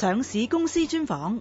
上市公司專訪。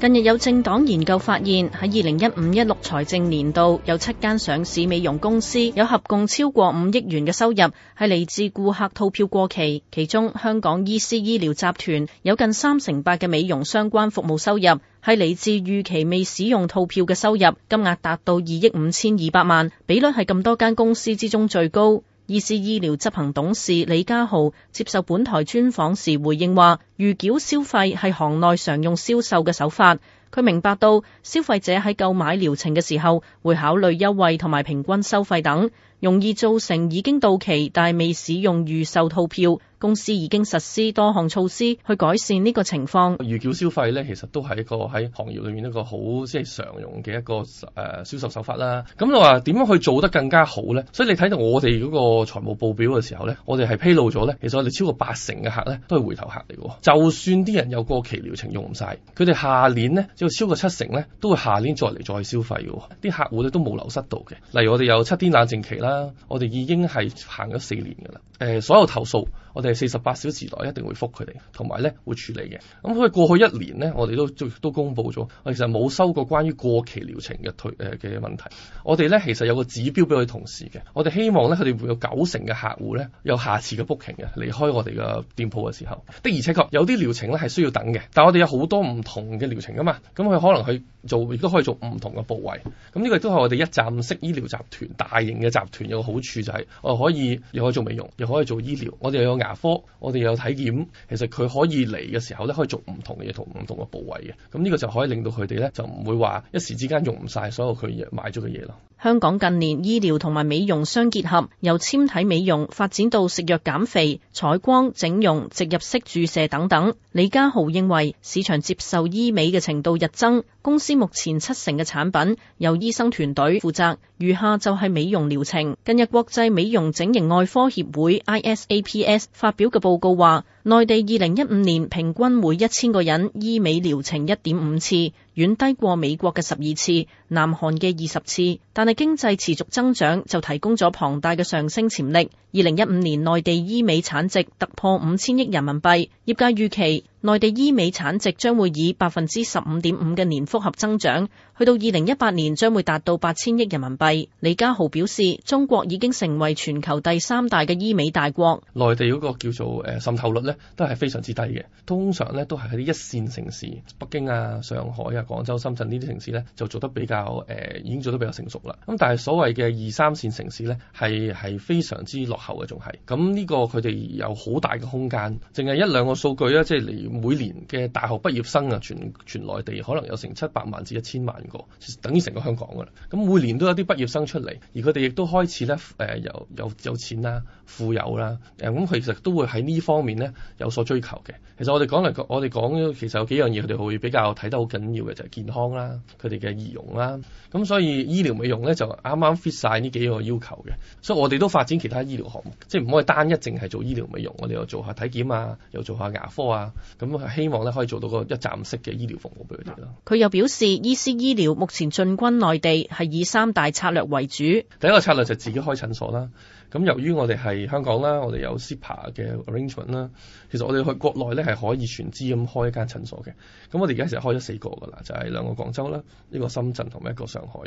近日有政黨研究發現，喺二零一五一六財政年度，有七間上市美容公司有合共超過五億元嘅收入，係嚟自顧客套票過期。其中，香港醫思醫療集團有近三成八嘅美容相關服務收入係嚟自逾期未使用套票嘅收入，金額達到二億五千二百萬，比率係咁多間公司之中最高。醫思醫療執行董事李嘉豪接受本台專訪時回應話，預繳消費係行內常用銷售嘅手法。佢明白到消費者喺購買療程嘅時候會考慮優惠同埋平均收費等。容易造成已經到期但係未使用預售套票，公司已經實施多項措施去改善呢個情況。預繳消費咧，其實都係一個喺行業裏面一個好即係常用嘅一個誒、呃、銷售手法啦。咁話點樣去做得更加好咧？所以你睇到我哋嗰個財務報表嘅時候咧，我哋係披露咗咧，其實我哋超過八成嘅客咧都係回頭客嚟嘅。就算啲人有過期療程用唔曬，佢哋下年咧只要超過七成咧，都會下年再嚟再來消費嘅。啲客戶咧都冇流失到嘅。例如我哋有七天冷靜期啦。我哋已經係行咗四年噶啦。誒，所有投訴我哋係四十八小時內一定會覆佢哋，同埋咧會處理嘅。咁佢過去一年呢，我哋都都公布咗，我其實冇收過關於過期療程嘅退誒嘅問題。我哋咧其實有個指標俾佢哋同事嘅，我哋希望咧佢哋會有九成嘅客戶咧有下次嘅 booking 嘅，離開我哋嘅店鋪嘅時候，的而且確有啲療程咧係需要等嘅，但係我哋有好多唔同嘅療程噶嘛，咁佢可能去做亦都可以做唔同嘅部位。咁呢個亦都係我哋一站式醫療集團大型嘅集團。有個好處就係，我可以又可以做美容，又可以做醫療。我哋又有牙科，我哋又有體檢。其實佢可以嚟嘅時候咧，可以做唔同嘅嘢，同唔同嘅部位嘅。咁呢個就可以令到佢哋咧，就唔會話一時之間用唔晒所有佢買咗嘅嘢咯。香港近年醫療同埋美容相結合，由纖體美容發展到食藥減肥、彩光整容、植入式注射等等。李嘉豪認為市場接受醫美嘅程度日增，公司目前七成嘅產品由醫生團隊負責，餘下就係美容療程。近日國際美容整形外科協會 ISAPS 發表嘅報告話，內地二零一五年平均每一千個人醫美療程一點五次，遠低過美國嘅十二次、南韓嘅二十次，但係經濟持續增長就提供咗龐大嘅上升潛力。二零一五年內地醫美產值突破五千億人民幣，業界預期。內地醫美產值將會以百分之十五點五嘅年複合增長，去到二零一八年將會達到八千億人民幣。李嘉豪表示，中國已經成為全球第三大嘅醫美大國。內地嗰個叫做誒、呃、滲透率呢，都係非常之低嘅。通常呢，都係喺啲一線城市，北京啊、上海啊、廣州、深圳呢啲城市呢，就做得比較誒、呃，已經做得比較成熟啦。咁但係所謂嘅二三線城市呢，係係非常之落後嘅，仲係咁呢個佢哋有好大嘅空間。淨係一兩個數據啊，即係嚟。每年嘅大學畢業生啊，全全內地可能有成七百萬至一千萬個，等於成個香港噶啦。咁每年都有啲畢業生出嚟，而佢哋亦都開始咧，誒、呃、有有有錢啦、富有啦，誒、嗯、咁其實都會喺呢方面咧有所追求嘅。其實我哋講嚟講，我哋講其實有幾樣嘢佢哋會比較睇得好緊要嘅，就係、是、健康啦、佢哋嘅儀容啦。咁所以醫療美容咧就啱啱 fit 晒呢幾個要求嘅，所以我哋都發展其他醫療項目，即係唔可以單一淨係做醫療美容，我哋又做下體檢啊，又做下牙科啊。咁希望咧可以做到個一站式嘅醫療服務俾佢哋咯。佢又表示，醫思醫療目前進軍內地係以三大策略為主。第一個策略就係自己開診所啦。咁由於我哋係香港啦，我哋有 SIPA 嘅 arrangement 啦，其實我哋去國內咧係可以全資咁開一間診所嘅。咁我哋而家其實開咗四個噶啦，就係、是、兩個廣州啦，一個深圳同埋一個上海。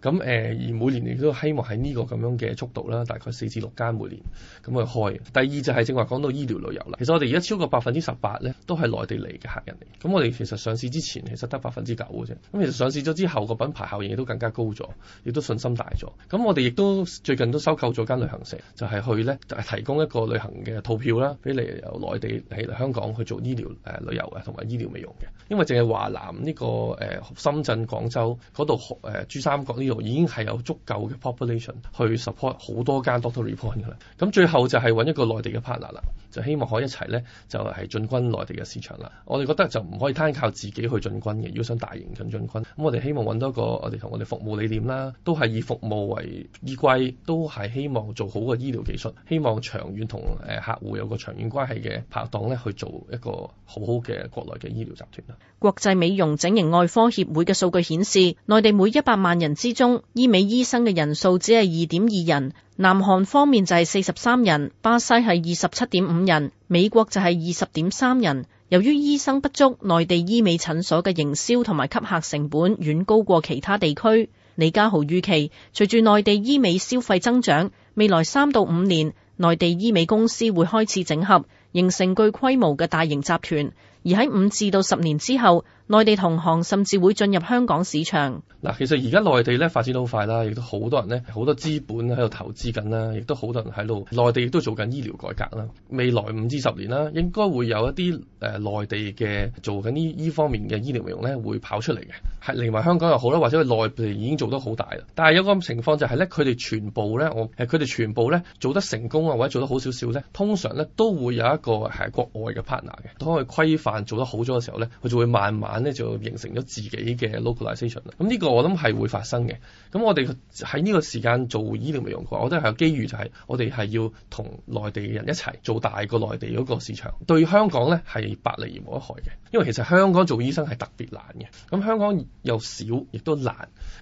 咁誒、呃，而每年亦都希望喺呢個咁樣嘅速度啦，大概四至六間每年咁去開。第二就係正話講到醫療旅遊啦。其實我哋而家超過百分之十八咧，呢都係內地嚟嘅客人嚟，咁我哋其實上市之前其實得百分之九嘅啫，咁其實上市咗之後個品牌效應亦都更加高咗，亦都信心大咗，咁我哋亦都最近都收購咗間旅行社，就係、是、去咧就係提供一個旅行嘅套票啦，俾你由內地喺香港去做醫療誒、呃、旅遊嘅同埋醫療美容嘅，因為淨係華南呢、這個誒、呃、深圳、廣州嗰度誒珠三角呢度已經係有足夠嘅 population 去 support 好多間 doctor report 嘅啦，咁最後就係揾一個內地嘅 partner 啦，就希望可以一齊咧就係、是、進軍內嘅市場啦，我哋覺得就唔可以單靠自己去進軍嘅，如果想大型想進軍，咁我哋希望搵多個我哋同我哋服務理念啦，都係以服務為依歸，都係希望做好個醫療技術，希望長遠同誒客戶有個長遠關係嘅拍檔咧，去做一個好好嘅國內嘅醫療集團啦。國際美容整形外科協會嘅數據顯示，內地每一百萬人之中，醫美醫生嘅人數只係二點二人。南韓方面就係四十三人，巴西係二十七點五人，美國就係二十點三人。由於醫生不足，內地醫美診所嘅營銷同埋吸客成本遠高過其他地區。李嘉豪預期，隨住內地醫美消費增長，未來三到五年，內地醫美公司會開始整合，形成具規模嘅大型集團。而喺五至到十年之後。內地同行甚至會進入香港市場。嗱，其實而家內地咧發展得好快啦，亦都好多人咧，好多資本喺度投資緊啦，亦都好多人喺度。內地亦都做緊醫療改革啦。未來五至十年啦，應該會有一啲誒內地嘅做緊呢呢方面嘅醫療美容咧，會跑出嚟嘅。係。另外，香港又好啦，或者佢內地已經做得好大啦。但係有個情況就係、是、咧，佢哋全部咧，我佢哋全部咧做得成功啊，或者做得好少少咧，通常咧都會有一個係國外嘅 partner 嘅，當佢規範做得好咗嘅時候咧，佢就會慢慢。咧就形成咗自己嘅 localization 啦。咁呢個我諗係會發生嘅。咁我哋喺呢個時間做醫療美容嘅話，我覺得係有機遇，就係、是、我哋係要同內地嘅人一齊做大個內地嗰個市場，對香港咧係百利而無一害嘅。因為其實香港做醫生係特別難嘅。咁香港又少，亦都難，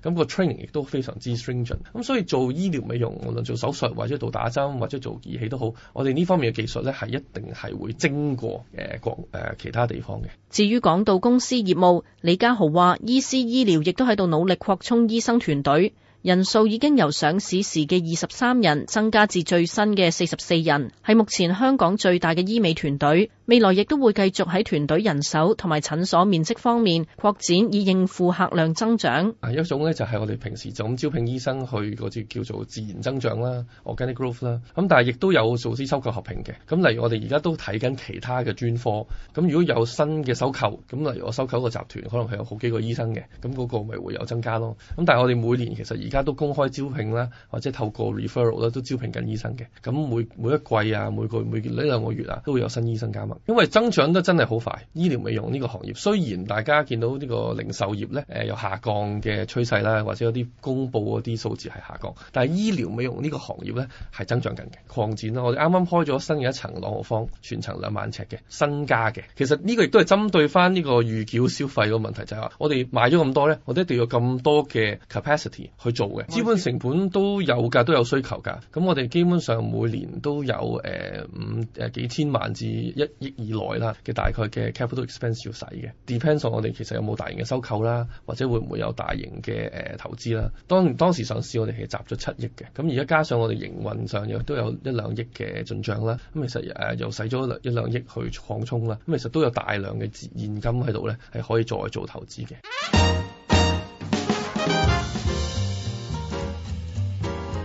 咁、那個 training 亦都非常之 stringent。咁所以做醫療美容，無論做手術或者做打針或者做儀器都好，我哋呢方面嘅技術咧係一定係會經過誒國誒其他地方嘅。至於港島公司。業務，李家豪話，醫思醫療亦都喺度努力擴充醫生團隊，人數已經由上市時嘅二十三人增加至最新嘅四十四人，係目前香港最大嘅醫美團隊。未來亦都會繼續喺團隊人手同埋診所面積方面擴展，以應付客量增長。啊，一種咧就係我哋平時就咁招聘醫生去嗰啲叫做自然增長啦，organic growth 啦。咁但係亦都有做啲收購合併嘅。咁例如我哋而家都睇緊其他嘅專科。咁如果有新嘅收購，咁例如我收購個集團，可能係有好幾個醫生嘅，咁嗰個咪會有增加咯。咁但係我哋每年其實而家都公開招聘啦，或者透過 referral 啦，都招聘緊醫生嘅。咁每每一季啊，每個月每呢兩個月啊，都會有新醫生加入。因為增長得真係好快，醫療美容呢個行業，雖然大家見到呢個零售業呢誒、呃、有下降嘅趨勢啦，或者有啲公布嗰啲數字係下降，但係醫療美容呢個行業呢係增長緊嘅，擴展啦，我哋啱啱開咗新嘅一層朗豪坊，全層兩萬尺嘅新家嘅，其實呢個亦都係針對翻呢個預繳消費個問題，就係、是、話我哋賣咗咁多呢，我哋一定要咁多嘅 capacity 去做嘅，資本成本都有噶，都有需求噶。咁我哋基本上每年都有誒五誒幾千萬至一。以來啦嘅大概嘅 capital expense 要使嘅，depends on 我哋其實有冇大型嘅收購啦，或者會唔會有大型嘅誒投資啦？當當時上市我哋係集咗七億嘅，咁而家加上我哋營運上又都有一兩億嘅進賬啦，咁其實誒又使咗一兩億去擴充啦，咁其實都有大量嘅現金喺度咧，係可以再做投資嘅。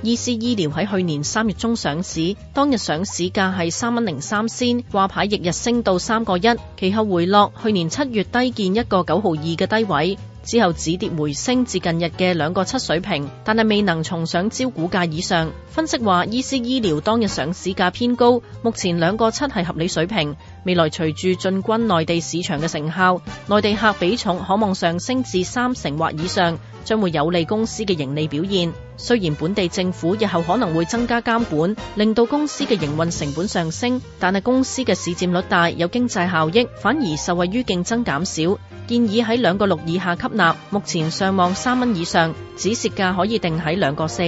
醫思醫療喺去年三月中上市，當日上市價係三蚊零三仙，掛牌翌日升到三個一，其後回落，去年七月低見一個九毫二嘅低位。之後止跌回升至近日嘅兩個七水平，但係未能重上招股價以上。分析話，醫思醫療當日上市價偏高，目前兩個七係合理水平。未來隨住進軍內地市場嘅成效，內地客比重可望上升至三成或以上，將會有利公司嘅盈利表現。雖然本地政府日後可能會增加監管，令到公司嘅營運成本上升，但係公司嘅市佔率大，有經濟效益，反而受惠於競爭減少。建議喺兩個六以下吸納，目前上網三蚊以上，止蝕價可以定喺兩個四。